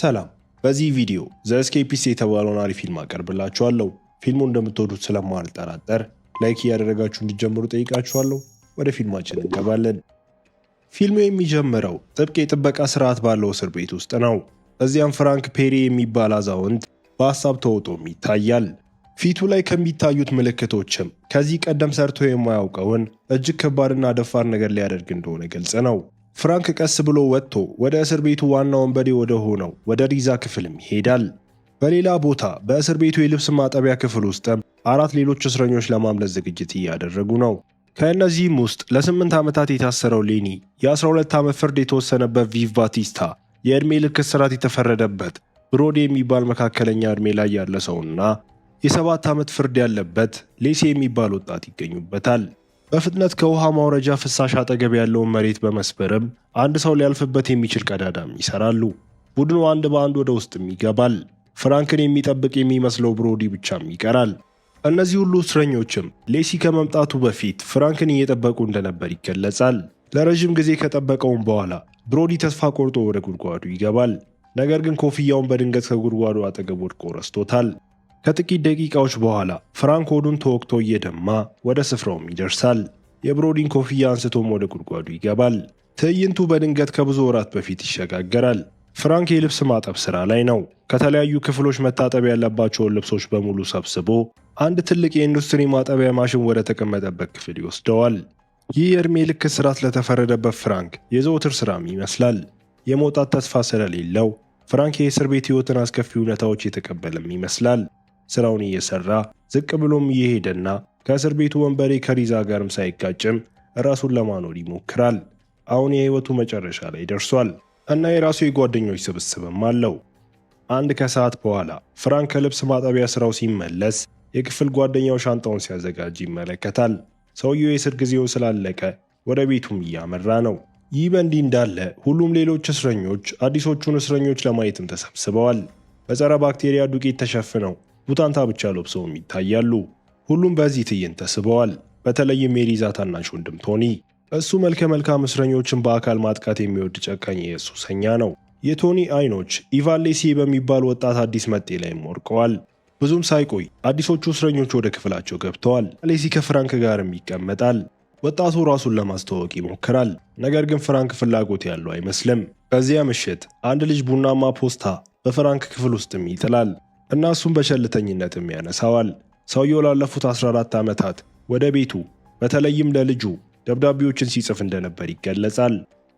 ሰላም፣ በዚህ ቪዲዮ ዘ የተባለውን አሪፍ ፊልም አቀርብላችኋለሁ። ፊልሙ እንደምትወዱት ስለማልጠራጠር ላይክ እያደረጋችሁ እንዲጀምሩ ጠይቃችኋለሁ። ወደ ፊልማችን እንገባለን። ፊልሙ የሚጀምረው ጥብቅ የጥበቃ ስርዓት ባለው እስር ቤት ውስጥ ነው። እዚያም ፍራንክ ፔሪ የሚባል አዛውንት በሀሳብ ተውጦም ይታያል። ፊቱ ላይ ከሚታዩት ምልክቶችም ከዚህ ቀደም ሰርቶ የማያውቀውን እጅግ ከባድና ደፋር ነገር ሊያደርግ እንደሆነ ግልጽ ነው። ፍራንክ ቀስ ብሎ ወጥቶ ወደ እስር ቤቱ ዋና ወንበዴ ወደ ሆነው ወደ ሪዛ ክፍልም ይሄዳል። በሌላ ቦታ በእስር ቤቱ የልብስ ማጠቢያ ክፍል ውስጥም አራት ሌሎች እስረኞች ለማምለስ ዝግጅት እያደረጉ ነው። ከእነዚህም ውስጥ ለስምንት ዓመታት የታሰረው ሌኒ፣ የ12 ዓመት ፍርድ የተወሰነበት ቪቭ ባቲስታ፣ የዕድሜ ልክ እስራት የተፈረደበት ብሮዴ የሚባል መካከለኛ ዕድሜ ላይ ያለ ሰውና የሰባት ዓመት ፍርድ ያለበት ሌሴ የሚባል ወጣት ይገኙበታል። በፍጥነት ከውሃ ማውረጃ ፍሳሽ አጠገብ ያለውን መሬት በመስበርም አንድ ሰው ሊያልፍበት የሚችል ቀዳዳም ይሰራሉ። ቡድኑ አንድ በአንድ ወደ ውስጥም ይገባል። ፍራንክን የሚጠብቅ የሚመስለው ብሮዲ ብቻም ይቀራል። እነዚህ ሁሉ እስረኞችም ሌሲ ከመምጣቱ በፊት ፍራንክን እየጠበቁ እንደነበር ይገለጻል። ለረዥም ጊዜ ከጠበቀውም በኋላ ብሮዲ ተስፋ ቆርጦ ወደ ጉድጓዱ ይገባል። ነገር ግን ኮፍያውን በድንገት ከጉድጓዱ አጠገብ ወድቆ ረስቶታል። ከጥቂት ደቂቃዎች በኋላ ፍራንክ ሆዱን ተወቅቶ እየደማ ወደ ስፍራውም ይደርሳል። የብሮዲን ኮፍያ አንስቶም ወደ ጉድጓዱ ይገባል። ትዕይንቱ በድንገት ከብዙ ወራት በፊት ይሸጋገራል። ፍራንክ የልብስ ማጠብ ሥራ ላይ ነው። ከተለያዩ ክፍሎች መታጠብ ያለባቸውን ልብሶች በሙሉ ሰብስቦ አንድ ትልቅ የኢንዱስትሪ ማጠቢያ ማሽን ወደ ተቀመጠበት ክፍል ይወስደዋል። ይህ የዕድሜ ልክ እስራት ለተፈረደበት ፍራንክ የዘወትር ሥራም ይመስላል። የመውጣት ተስፋ ስለሌለው ፍራንክ የእስር ቤት ሕይወትን አስከፊ እውነታዎች የተቀበለም ይመስላል። ስራውን እየሰራ ዝቅ ብሎም እየሄደና ከእስር ቤቱ ወንበሬ ከሪዛ ጋርም ሳይጋጭም ራሱን ለማኖር ይሞክራል። አሁን የህይወቱ መጨረሻ ላይ ደርሷል እና የራሱ የጓደኞች ስብስብም አለው። አንድ ከሰዓት በኋላ ፍራንክ ከልብስ ማጠቢያ ስራው ሲመለስ የክፍል ጓደኛው ሻንጣውን ሲያዘጋጅ ይመለከታል። ሰውየው የእስር ጊዜው ስላለቀ ወደ ቤቱም እያመራ ነው። ይህ በእንዲህ እንዳለ ሁሉም ሌሎች እስረኞች አዲሶቹን እስረኞች ለማየትም ተሰብስበዋል። በጸረ ባክቴሪያ ዱቄት ተሸፍነው ቡታንታ ብቻ ለብሰውም ይታያሉ። ሁሉም በዚህ ትዕይንት ተስበዋል። በተለይም ሜሪዛ ታናሽ ወንድም ቶኒ። እሱ መልከ መልካም እስረኞችን በአካል ማጥቃት የሚወድ ጨካኝ የሱሰኛ ነው። የቶኒ አይኖች ኢቫሌሲ በሚባል ወጣት አዲስ መጤ ላይም ወርቀዋል። ብዙም ሳይቆይ አዲሶቹ እስረኞች ወደ ክፍላቸው ገብተዋል። ሌሲ ከፍራንክ ጋርም ይቀመጣል። ወጣቱ ራሱን ለማስተዋወቅ ይሞክራል፣ ነገር ግን ፍራንክ ፍላጎት ያለው አይመስልም። በዚያ ምሽት አንድ ልጅ ቡናማ ፖስታ በፍራንክ ክፍል ውስጥም ይጥላል። እና እሱም በቸልተኝነትም ያነሳዋል። ሰውየው ላለፉት 14 ዓመታት ወደ ቤቱ በተለይም ለልጁ ደብዳቤዎችን ሲጽፍ እንደነበር ይገለጻል።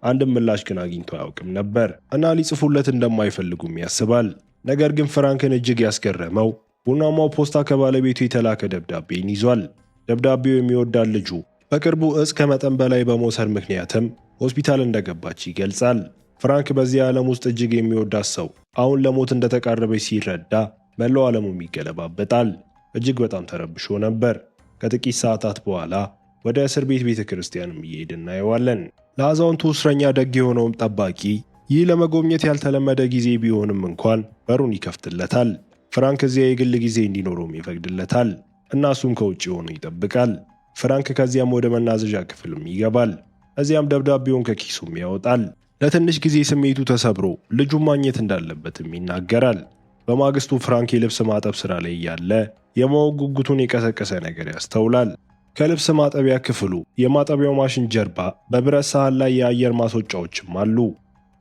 አንድም ምላሽ ግን አግኝቶ አያውቅም ነበር እና ሊጽፉለት እንደማይፈልጉም ያስባል። ነገር ግን ፍራንክን እጅግ ያስገረመው ቡናማው ፖስታ ከባለቤቱ የተላከ ደብዳቤን ይዟል። ደብዳቤው የሚወዳት ልጁ በቅርቡ እጽ ከመጠን በላይ በመውሰድ ምክንያትም ሆስፒታል እንደገባች ይገልጻል። ፍራንክ በዚህ ዓለም ውስጥ እጅግ የሚወዳት ሰው አሁን ለሞት እንደተቃረበች ሲረዳ መላው ዓለሙም ይገለባበጣል። እጅግ በጣም ተረብሾ ነበር። ከጥቂት ሰዓታት በኋላ ወደ እስር ቤት ቤተ ክርስቲያንም እየሄድ እናየዋለን። ለአዛውንቱ እስረኛ ደግ የሆነውም ጠባቂ ይህ ለመጎብኘት ያልተለመደ ጊዜ ቢሆንም እንኳን በሩን ይከፍትለታል። ፍራንክ እዚያ የግል ጊዜ እንዲኖረውም ይፈቅድለታል እና እሱም ከውጭ ሆኖ ይጠብቃል። ፍራንክ ከዚያም ወደ መናዘዣ ክፍልም ይገባል። እዚያም ደብዳቤውን ከኪሱም ያወጣል። ለትንሽ ጊዜ ስሜቱ ተሰብሮ ልጁን ማግኘት እንዳለበትም ይናገራል። በማግስቱ ፍራንክ የልብስ ማጠብ ስራ ላይ እያለ የማወቅ ጉጉቱን የቀሰቀሰ ነገር ያስተውላል። ከልብስ ማጠቢያ ክፍሉ የማጠቢያው ማሽን ጀርባ በብረት ሳህን ላይ የአየር ማስወጫዎችም አሉ።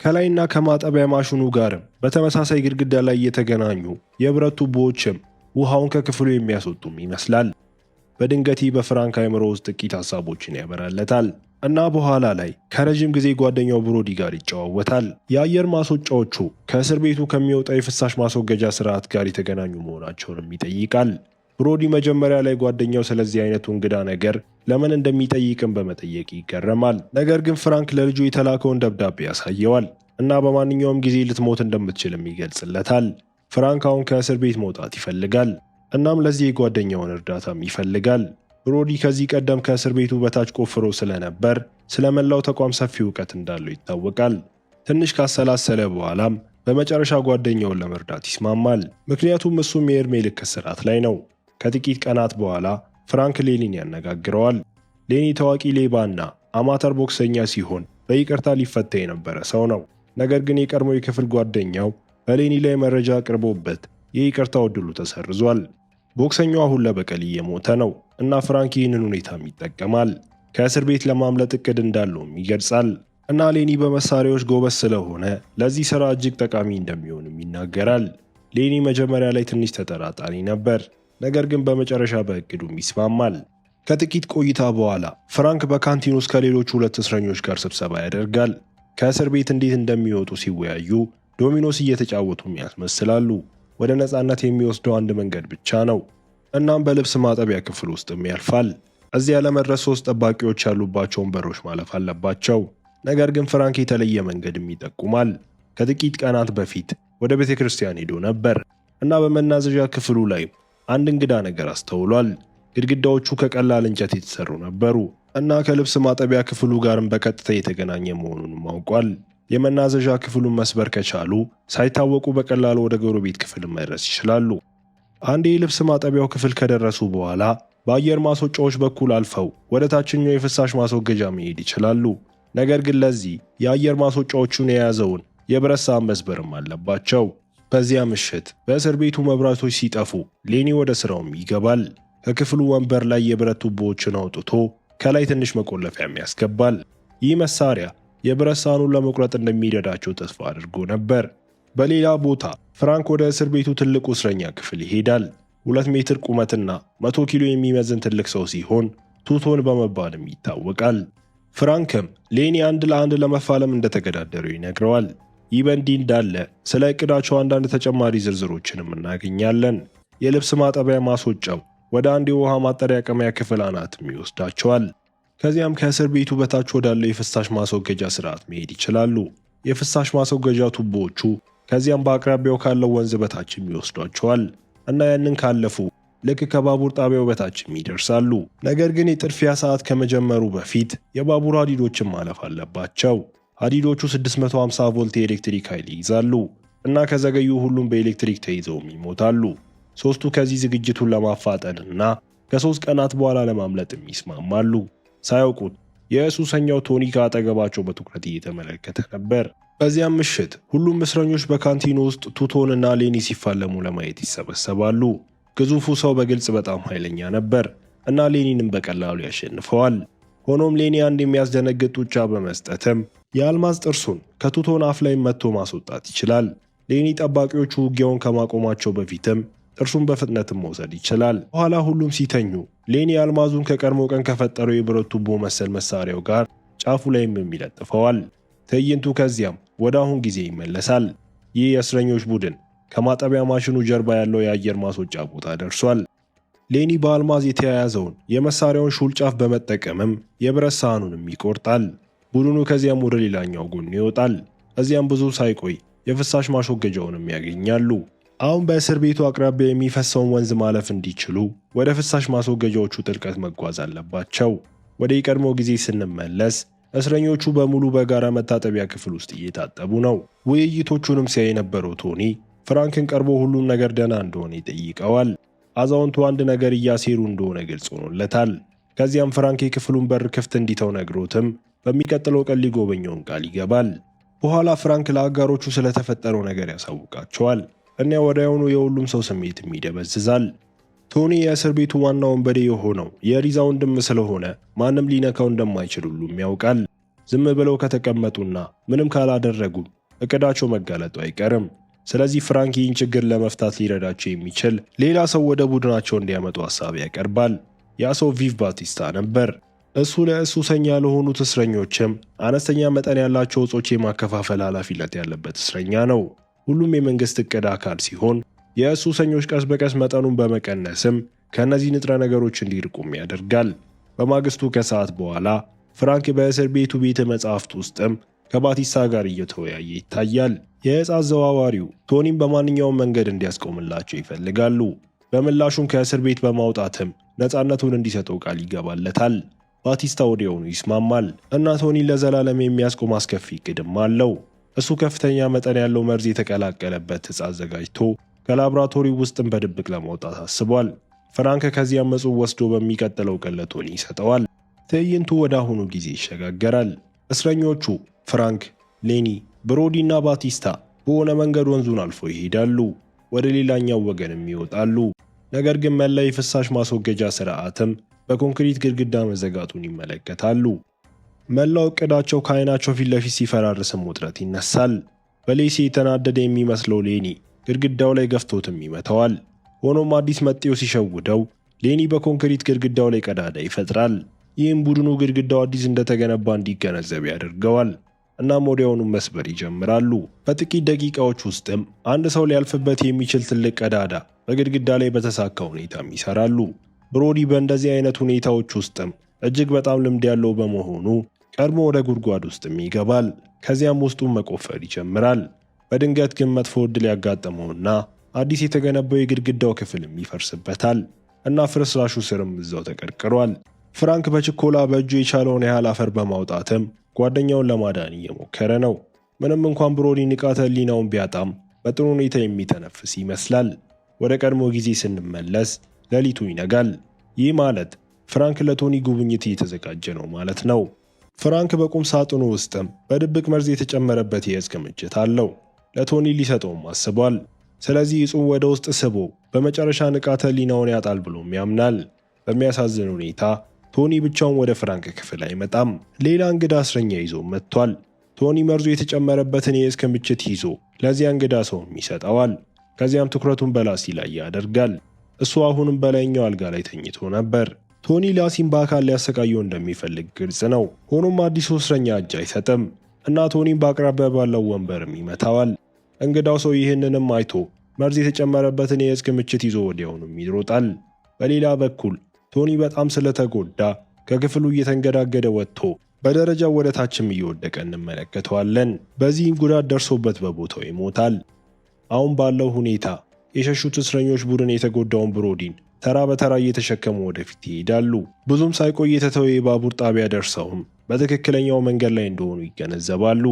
ከላይና ከማጠቢያ ማሽኑ ጋርም በተመሳሳይ ግድግዳ ላይ እየተገናኙ የብረት ቱቦዎችም ውሃውን ከክፍሉ የሚያስወጡም ይመስላል። በድንገት በፍራንክ አይምሮ ውስጥ ጥቂት ሀሳቦችን ያበራለታል። እና በኋላ ላይ ከረዥም ጊዜ ጓደኛው ብሮዲ ጋር ይጨዋወታል። የአየር ማስወጫዎቹ ከእስር ቤቱ ከሚወጣው የፍሳሽ ማስወገጃ ስርዓት ጋር የተገናኙ መሆናቸውንም ይጠይቃል። ብሮዲ መጀመሪያ ላይ ጓደኛው ስለዚህ አይነቱ እንግዳ ነገር ለምን እንደሚጠይቅም በመጠየቅ ይገረማል። ነገር ግን ፍራንክ ለልጁ የተላከውን ደብዳቤ ያሳየዋል እና በማንኛውም ጊዜ ልትሞት እንደምትችልም ይገልጽለታል። ፍራንክ አሁን ከእስር ቤት መውጣት ይፈልጋል። እናም ለዚህ የጓደኛውን እርዳታም ይፈልጋል። ሮዲ ከዚህ ቀደም ከእስር ቤቱ በታች ቆፍሮ ስለነበር ስለመላው ተቋም ሰፊ እውቀት እንዳለው ይታወቃል። ትንሽ ካሰላሰለ በኋላም በመጨረሻ ጓደኛውን ለመርዳት ይስማማል። ምክንያቱም እሱም የዕድሜ ልክ እስራት ላይ ነው። ከጥቂት ቀናት በኋላ ፍራንክ ሌኒን ያነጋግረዋል። ሌኒ ታዋቂ ሌባና አማተር ቦክሰኛ ሲሆን በይቅርታ ሊፈታ የነበረ ሰው ነው። ነገር ግን የቀድሞ የክፍል ጓደኛው በሌኒ ላይ መረጃ አቅርቦበት የይቅርታው ዕድሉ ተሰርዟል። ቦክሰኛው አሁን ለበቀል እየሞተ ነው እና ፍራንክ ይህንን ሁኔታም ይጠቀማል። ከእስር ቤት ለማምለጥ እቅድ እንዳለውም ይገልጻል እና ሌኒ በመሳሪያዎች ጎበዝ ስለሆነ ለዚህ ስራ እጅግ ጠቃሚ እንደሚሆንም ይናገራል። ሌኒ መጀመሪያ ላይ ትንሽ ተጠራጣሪ ነበር፣ ነገር ግን በመጨረሻ በእቅዱም ይስማማል። ከጥቂት ቆይታ በኋላ ፍራንክ በካንቲን ውስጥ ከሌሎች ሁለት እስረኞች ጋር ስብሰባ ያደርጋል። ከእስር ቤት እንዴት እንደሚወጡ ሲወያዩ ዶሚኖስ እየተጫወቱም ያስመስላሉ። ወደ ነፃነት የሚወስደው አንድ መንገድ ብቻ ነው። እናም በልብስ ማጠቢያ ክፍል ውስጥም ያልፋል። እዚያ ለመድረስ ሶስት ጠባቂዎች ያሉባቸውን በሮች ማለፍ አለባቸው። ነገር ግን ፍራንክ የተለየ መንገድም ይጠቁማል። ከጥቂት ቀናት በፊት ወደ ቤተ ክርስቲያን ሄዶ ነበር እና በመናዘዣ ክፍሉ ላይ አንድ እንግዳ ነገር አስተውሏል። ግድግዳዎቹ ከቀላል እንጨት የተሰሩ ነበሩ እና ከልብስ ማጠቢያ ክፍሉ ጋርም በቀጥታ የተገናኘ መሆኑንም አውቋል። የመናዘዣ ክፍሉን መስበር ከቻሉ ሳይታወቁ በቀላሉ ወደ ጎረቤት ክፍል መድረስ ይችላሉ። አንድ የልብስ ማጠቢያው ክፍል ከደረሱ በኋላ በአየር ማስወጫዎች በኩል አልፈው ወደ ታችኛው የፍሳሽ ማስወገጃ መሄድ ይችላሉ። ነገር ግን ለዚህ የአየር ማስወጫዎቹን የያዘውን የብረት መስበርም አለባቸው። በዚያ ምሽት በእስር ቤቱ መብራቶች ሲጠፉ ሌኒ ወደ ስራውም ይገባል። ከክፍሉ ወንበር ላይ የብረት ቱቦዎችን አውጥቶ ከላይ ትንሽ መቆለፊያም ያስገባል። ይህ መሳሪያ የብረት ሳህኑን ለመቁረጥ እንደሚረዳቸው ተስፋ አድርጎ ነበር። በሌላ ቦታ ፍራንክ ወደ እስር ቤቱ ትልቁ እስረኛ ክፍል ይሄዳል። ሁለት ሜትር ቁመትና መቶ ኪሎ የሚመዝን ትልቅ ሰው ሲሆን ቱቶን በመባልም ይታወቃል። ፍራንክም ሌኒ አንድ ለአንድ ለመፋለም እንደተገዳደሩ ይነግረዋል። ይህ በእንዲህ እንዳለ ስለ እቅዳቸው አንዳንድ ተጨማሪ ዝርዝሮችንም እናገኛለን። የልብስ ማጠቢያ ማስወጫው ወደ አንድ የውሃ ማጠራቀሚያ ክፍል አናትም ይወስዳቸዋል። ከዚያም ከእስር ቤቱ በታች ወዳለው የፍሳሽ ማስወገጃ ስርዓት መሄድ ይችላሉ። የፍሳሽ ማስወገጃ ቱቦዎቹ ከዚያም በአቅራቢያው ካለው ወንዝ በታችም ይወስዷቸዋል እና ያንን ካለፉ ልክ ከባቡር ጣቢያው በታችም ይደርሳሉ። ነገር ግን የጥድፊያ ሰዓት ከመጀመሩ በፊት የባቡር ሀዲዶችን ማለፍ አለባቸው። ሀዲዶቹ 650 ቮልት የኤሌክትሪክ ኃይል ይይዛሉ እና ከዘገዩ ሁሉም በኤሌክትሪክ ተይዘውም ይሞታሉ። ሦስቱ ከዚህ ዝግጅቱን ለማፋጠን እና ከሦስት ቀናት በኋላ ለማምለጥም ይስማማሉ። ሳያውቁት የሱሰኛው ቶኒ ከአጠገባቸው በትኩረት እየተመለከተ ነበር። በዚያም ምሽት ሁሉም እስረኞች በካንቲኑ ውስጥ ቱቶን እና ሌኒ ሲፋለሙ ለማየት ይሰበሰባሉ። ግዙፉ ሰው በግልጽ በጣም ኃይለኛ ነበር እና ሌኒንም በቀላሉ ያሸንፈዋል። ሆኖም ሌኒ አንድ የሚያስደነግጥ ጡጫ በመስጠትም የአልማዝ ጥርሱን ከቱቶን አፍ ላይ መጥቶ ማስወጣት ይችላል። ሌኒ ጠባቂዎቹ ውጊያውን ከማቆማቸው በፊትም ጥርሱን በፍጥነትም መውሰድ ይችላል። በኋላ ሁሉም ሲተኙ ሌኒ አልማዙን ከቀድሞ ቀን ከፈጠረው የብረት ቱቦ መሰል መሳሪያው ጋር ጫፉ ላይም የሚለጥፈዋል። ትዕይንቱ ከዚያም ወደ አሁን ጊዜ ይመለሳል። ይህ የእስረኞች ቡድን ከማጠቢያ ማሽኑ ጀርባ ያለው የአየር ማስወጫ ቦታ ደርሷል። ሌኒ በአልማዝ የተያያዘውን የመሳሪያውን ሹል ጫፍ በመጠቀምም የብረት ሳህኑንም ይቆርጣል። ቡድኑ ከዚያም ወደ ሌላኛው ጎን ይወጣል። እዚያም ብዙ ሳይቆይ የፍሳሽ ማስወገጃውንም ያገኛሉ። አሁን በእስር ቤቱ አቅራቢያ የሚፈሰውን ወንዝ ማለፍ እንዲችሉ ወደ ፍሳሽ ማስወገጃዎቹ ጥልቀት መጓዝ አለባቸው። ወደ የቀድሞ ጊዜ ስንመለስ እስረኞቹ በሙሉ በጋራ መታጠቢያ ክፍል ውስጥ እየታጠቡ ነው። ውይይቶቹንም ሲያይ የነበረው ቶኒ ፍራንክን ቀርቦ ሁሉም ነገር ደህና እንደሆነ ይጠይቀዋል። አዛውንቱ አንድ ነገር እያሴሩ እንደሆነ ግልጽ ሆኖለታል። ከዚያም ፍራንክ የክፍሉን በር ክፍት እንዲተው ነግሮትም በሚቀጥለው ቀን ሊጎበኘውን ቃል ይገባል። በኋላ ፍራንክ ለአጋሮቹ ስለተፈጠረው ነገር ያሳውቃቸዋል። እና ወዲያውኑ የሁሉም ሰው ስሜት ይደበዝዛል። ቶኒ የእስር ቤቱ ዋና ወንበዴ የሆነው የሪዛ ወንድም ስለሆነ ማንም ሊነካው እንደማይችል ሁሉም ያውቃል። ዝም ብለው ከተቀመጡና ምንም ካላደረጉ እቅዳቸው መጋለጡ አይቀርም። ስለዚህ ፍራንክ ይህን ችግር ለመፍታት ሊረዳቸው የሚችል ሌላ ሰው ወደ ቡድናቸው እንዲያመጡ ሀሳብ ያቀርባል። ያ ሰው ቪቭ ባቲስታ ነበር። እሱ ለሱሰኛ ለሆኑት እስረኞችም አነስተኛ መጠን ያላቸው እጾች የማከፋፈል ኃላፊነት ያለበት እስረኛ ነው። ሁሉም የመንግስት እቅድ አካል ሲሆን የሱሰኞች ቀስ በቀስ መጠኑን በመቀነስም ከእነዚህ ንጥረ ነገሮች እንዲርቁም ያደርጋል። በማግስቱ ከሰዓት በኋላ ፍራንክ በእስር ቤቱ ቤተ መጻሕፍት ውስጥም ከባቲስታ ጋር እየተወያየ ይታያል። የእፃ አዘዋዋሪው ቶኒም በማንኛውም መንገድ እንዲያስቆምላቸው ይፈልጋሉ። በምላሹም ከእስር ቤት በማውጣትም ነፃነቱን እንዲሰጠው ቃል ይገባለታል። ባቲስታ ወዲያውኑ ይስማማል እና ቶኒን ለዘላለም የሚያስቆም አስከፊ እቅድም አለው። እሱ ከፍተኛ መጠን ያለው መርዝ የተቀላቀለበት ዕፅ አዘጋጅቶ ከላብራቶሪ ውስጥም በድብቅ ለማውጣት አስቧል። ፍራንክ ከዚህ አመፁ ወስዶ በሚቀጥለው ቀን ለቶኒ ይሰጠዋል። ትዕይንቱ ወደ አሁኑ ጊዜ ይሸጋገራል። እስረኞቹ ፍራንክ፣ ሌኒ፣ ብሮዲ እና ባቲስታ በሆነ መንገድ ወንዙን አልፎ ይሄዳሉ፣ ወደ ሌላኛው ወገንም ይወጣሉ። ነገር ግን መላ የፍሳሽ ማስወገጃ ስርዓትም በኮንክሪት ግድግዳ መዘጋቱን ይመለከታሉ። መላው እቅዳቸው ከዓይናቸው ፊት ለፊት ሲፈራርስም ውጥረት ይነሳል። በሌሴ የተናደደ የሚመስለው ሌኒ ግድግዳው ላይ ገፍቶትም ይመተዋል። ሆኖም አዲስ መጤው ሲሸውደው ሌኒ በኮንክሪት ግድግዳው ላይ ቀዳዳ ይፈጥራል። ይህም ቡድኑ ግድግዳው አዲስ እንደተገነባ እንዲገነዘብ ያደርገዋል። እናም ወዲያውኑም መስበር ይጀምራሉ። በጥቂት ደቂቃዎች ውስጥም አንድ ሰው ሊያልፍበት የሚችል ትልቅ ቀዳዳ በግድግዳ ላይ በተሳካ ሁኔታም ይሰራሉ። ብሮዲ በእንደዚህ አይነት ሁኔታዎች ውስጥም እጅግ በጣም ልምድ ያለው በመሆኑ ቀድሞ ወደ ጉድጓድ ውስጥም ይገባል። ከዚያም ውስጡን መቆፈር ይጀምራል። በድንገት ግን መጥፎ ዕድል ያጋጠመውና አዲስ የተገነባው የግድግዳው ክፍልም ይፈርስበታል እና ፍርስራሹ ስርም እዛው ተቀርቅሯል። ፍራንክ በችኮላ በእጁ የቻለውን ያህል አፈር በማውጣትም ጓደኛውን ለማዳን እየሞከረ ነው። ምንም እንኳን ብሮዲ ንቃተ ሊናውን ቢያጣም በጥሩ ሁኔታ የሚተነፍስ ይመስላል። ወደ ቀድሞ ጊዜ ስንመለስ ሌሊቱ ይነጋል። ይህ ማለት ፍራንክ ለቶኒ ጉብኝት እየተዘጋጀ ነው ማለት ነው። ፍራንክ በቁም ሳጥኑ ውስጥም በድብቅ መርዝ የተጨመረበት የእጽ ክምችት አለው። ለቶኒ ሊሰጠውም አስቧል። ስለዚህ ጹም ወደ ውስጥ ስቦ በመጨረሻ ንቃተ ሊናውን ያጣል ብሎም ያምናል። በሚያሳዝን ሁኔታ ቶኒ ብቻውን ወደ ፍራንክ ክፍል አይመጣም። ሌላ እንግዳ እስረኛ ይዞ መጥቷል። ቶኒ መርዙ የተጨመረበትን የእጽ ክምችት ይዞ ለዚያ እንግዳ ሰውም ይሰጠዋል። ከዚያም ትኩረቱን በላሲ ላይ ያደርጋል። እሱ አሁንም በላይኛው አልጋ ላይ ተኝቶ ነበር። ቶኒ ላሲን በአካል ሊያሰቃየው እንደሚፈልግ ግልጽ ነው። ሆኖም አዲሱ እስረኛ እጅ አይሰጥም እና ቶኒን በአቅራቢያ ባለው ወንበርም ይመታዋል። እንግዳው ሰው ይህንንም አይቶ መርዝ የተጨመረበትን የእጽ ክምችት ይዞ ወዲያውኑም ይሮጣል። በሌላ በኩል ቶኒ በጣም ስለተጎዳ ከክፍሉ እየተንገዳገደ ወጥቶ በደረጃው ወደ ታችም እየወደቀ እንመለከተዋለን። በዚህም ጉዳት ደርሶበት በቦታው ይሞታል። አሁን ባለው ሁኔታ የሸሹት እስረኞች ቡድን የተጎዳውን ብሮዲን ተራ በተራ እየተሸከሙ ወደፊት ይሄዳሉ። ብዙም ሳይቆይ የተተወ የባቡር ጣቢያ ደርሰውም በትክክለኛው መንገድ ላይ እንደሆኑ ይገነዘባሉ።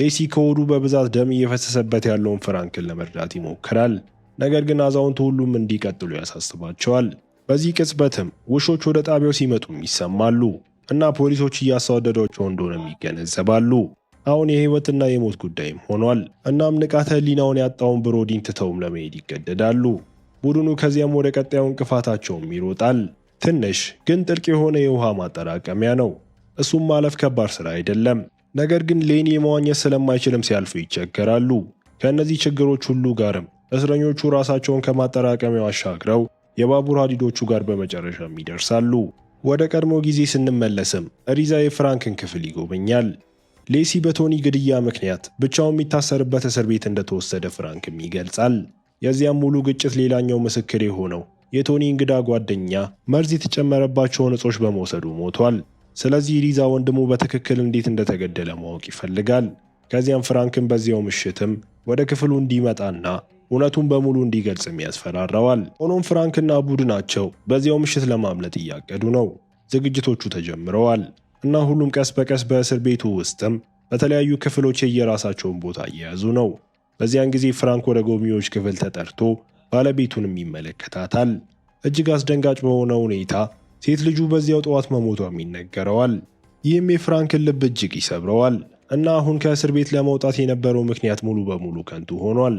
ሌሲ ከወዱ በብዛት ደም እየፈሰሰበት ያለውን ፍራንክን ለመርዳት ይሞክራል። ነገር ግን አዛውንቱ ሁሉም እንዲቀጥሉ ያሳስባቸዋል። በዚህ ቅጽበትም ውሾች ወደ ጣቢያው ሲመጡም ይሰማሉ እና ፖሊሶች እያሳወደዷቸው እንደሆነም ይገነዘባሉ። አሁን የህይወትና የሞት ጉዳይም ሆኗል። እናም ንቃተ ህሊናውን ያጣውን ብሮዲን ትተውም ለመሄድ ይገደዳሉ። ቡድኑ ከዚያም ወደ ቀጣዩ እንቅፋታቸውም ይሮጣል። ትንሽ ግን ጥልቅ የሆነ የውሃ ማጠራቀሚያ ነው። እሱም ማለፍ ከባድ ስራ አይደለም። ነገር ግን ሌኒ መዋኘት ስለማይችልም ሲያልፉ ይቸገራሉ። ከእነዚህ ችግሮች ሁሉ ጋርም እስረኞቹ ራሳቸውን ከማጠራቀሚያው አሻግረው የባቡር ሀዲዶቹ ጋር በመጨረሻም ይደርሳሉ። ወደ ቀድሞ ጊዜ ስንመለስም ሪዛ የፍራንክን ክፍል ይጎበኛል። ሌሲ በቶኒ ግድያ ምክንያት ብቻውን የሚታሰርበት እስር ቤት እንደተወሰደ ፍራንክም ይገልጻል። የዚያም ሙሉ ግጭት ሌላኛው ምስክር የሆነው የቶኒ እንግዳ ጓደኛ መርዝ የተጨመረባቸውን እጾች በመውሰዱ ሞቷል። ስለዚህ ሊዛ ወንድሙ በትክክል እንዴት እንደተገደለ ማወቅ ይፈልጋል። ከዚያም ፍራንክን በዚያው ምሽትም ወደ ክፍሉ እንዲመጣና እውነቱን በሙሉ እንዲገልጽም ያስፈራራዋል። ሆኖም ፍራንክና ቡድናቸው በዚያው ምሽት ለማምለጥ እያቀዱ ነው። ዝግጅቶቹ ተጀምረዋል እና ሁሉም ቀስ በቀስ በእስር ቤቱ ውስጥም በተለያዩ ክፍሎች የየራሳቸውን ቦታ እየያዙ ነው። በዚያን ጊዜ ፍራንክ ወደ ጎብኚዎች ክፍል ተጠርቶ ባለቤቱንም ይመለከታታል። እጅግ አስደንጋጭ በሆነ ሁኔታ ሴት ልጁ በዚያው ጠዋት መሞቷም ይነገረዋል። ይህም የፍራንክን ልብ እጅግ ይሰብረዋል እና አሁን ከእስር ቤት ለመውጣት የነበረው ምክንያት ሙሉ በሙሉ ከንቱ ሆኗል።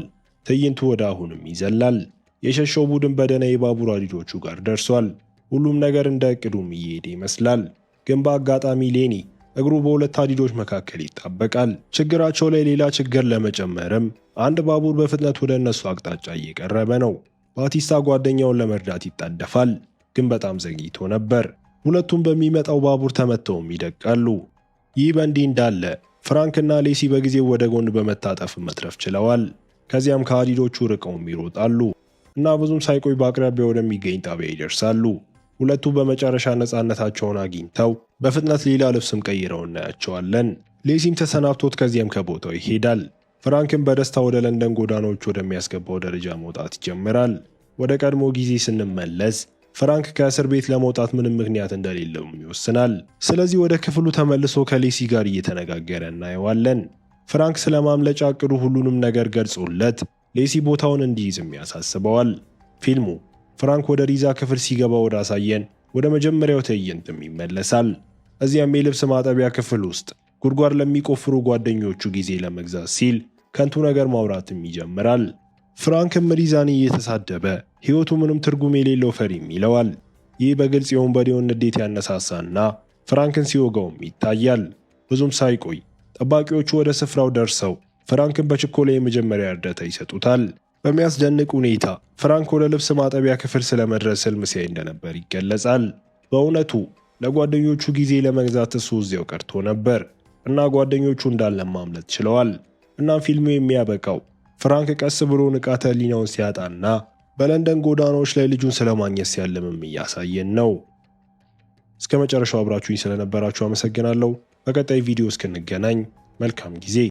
ትዕይንቱ ወደ አሁንም ይዘላል። የሸሸው ቡድን በደህና የባቡር ሀዲዶቹ ጋር ደርሷል። ሁሉም ነገር እንደ እቅዱም እየሄደ ይመስላል። ግን በአጋጣሚ ሌኒ እግሩ በሁለት ሀዲዶች መካከል ይጣበቃል። ችግራቸው ላይ ሌላ ችግር ለመጨመርም አንድ ባቡር በፍጥነት ወደ እነሱ አቅጣጫ እየቀረበ ነው። ባቲስታ ጓደኛውን ለመርዳት ይጣደፋል፣ ግን በጣም ዘግይቶ ነበር። ሁለቱም በሚመጣው ባቡር ተመተውም ይደቃሉ። ይህ በእንዲህ እንዳለ ፍራንክና ሌሲ በጊዜው ወደ ጎን በመታጠፍ መትረፍ ችለዋል። ከዚያም ከሀዲዶቹ ርቀውም ይሮጣሉ እና ብዙም ሳይቆይ በአቅራቢያ ወደሚገኝ ጣቢያ ይደርሳሉ። ሁለቱ በመጨረሻ ነፃነታቸውን አግኝተው በፍጥነት ሌላ ልብስም ቀይረው እናያቸዋለን። ሌሲም ተሰናብቶት ከዚያም ከቦታው ይሄዳል። ፍራንክን በደስታ ወደ ለንደን ጎዳናዎች ወደሚያስገባው ደረጃ መውጣት ይጀምራል። ወደ ቀድሞ ጊዜ ስንመለስ ፍራንክ ከእስር ቤት ለመውጣት ምንም ምክንያት እንደሌለውም ይወስናል። ስለዚህ ወደ ክፍሉ ተመልሶ ከሌሲ ጋር እየተነጋገረ እናየዋለን። ፍራንክ ስለ ማምለጫ እቅዱ ሁሉንም ነገር ገልጾለት ሌሲ ቦታውን እንዲይዝም ያሳስበዋል። ፊልሙ ፍራንክ ወደ ሪዛ ክፍል ሲገባ ወደ አሳየን ወደ መጀመሪያው ትዕይንትም ይመለሳል። እዚያም የልብስ ማጠቢያ ክፍል ውስጥ ጉድጓድ ለሚቆፍሩ ጓደኞቹ ጊዜ ለመግዛት ሲል ከንቱ ነገር ማውራትም ይጀምራል። ፍራንክም ሪዛን እየተሳደበ ሕይወቱ ምንም ትርጉም የሌለው ፈሪም ይለዋል። ይህ በግልጽ የወንበዴውን ንዴት ያነሳሳና ፍራንክን ሲወጋውም ይታያል። ብዙም ሳይቆይ ጠባቂዎቹ ወደ ስፍራው ደርሰው ፍራንክን በችኮላ የመጀመሪያ እርዳታ ይሰጡታል። በሚያስደንቅ ሁኔታ ፍራንክ ወደ ልብስ ማጠቢያ ክፍል ስለመድረስ ህልም ሲያይ እንደነበር ይገለጻል። በእውነቱ ለጓደኞቹ ጊዜ ለመግዛት እሱ እዚያው ቀርቶ ነበር እና ጓደኞቹ እንዳለን ማምለት ችለዋል። እናም ፊልሙ የሚያበቃው ፍራንክ ቀስ ብሎ ንቃተ ህሊናውን ሲያጣና በለንደን ጎዳናዎች ላይ ልጁን ስለማግኘት ሲያለምም እያሳየን ነው። እስከ መጨረሻው አብራችሁኝ ስለነበራችሁ አመሰግናለሁ። በቀጣይ ቪዲዮ እስክንገናኝ መልካም ጊዜ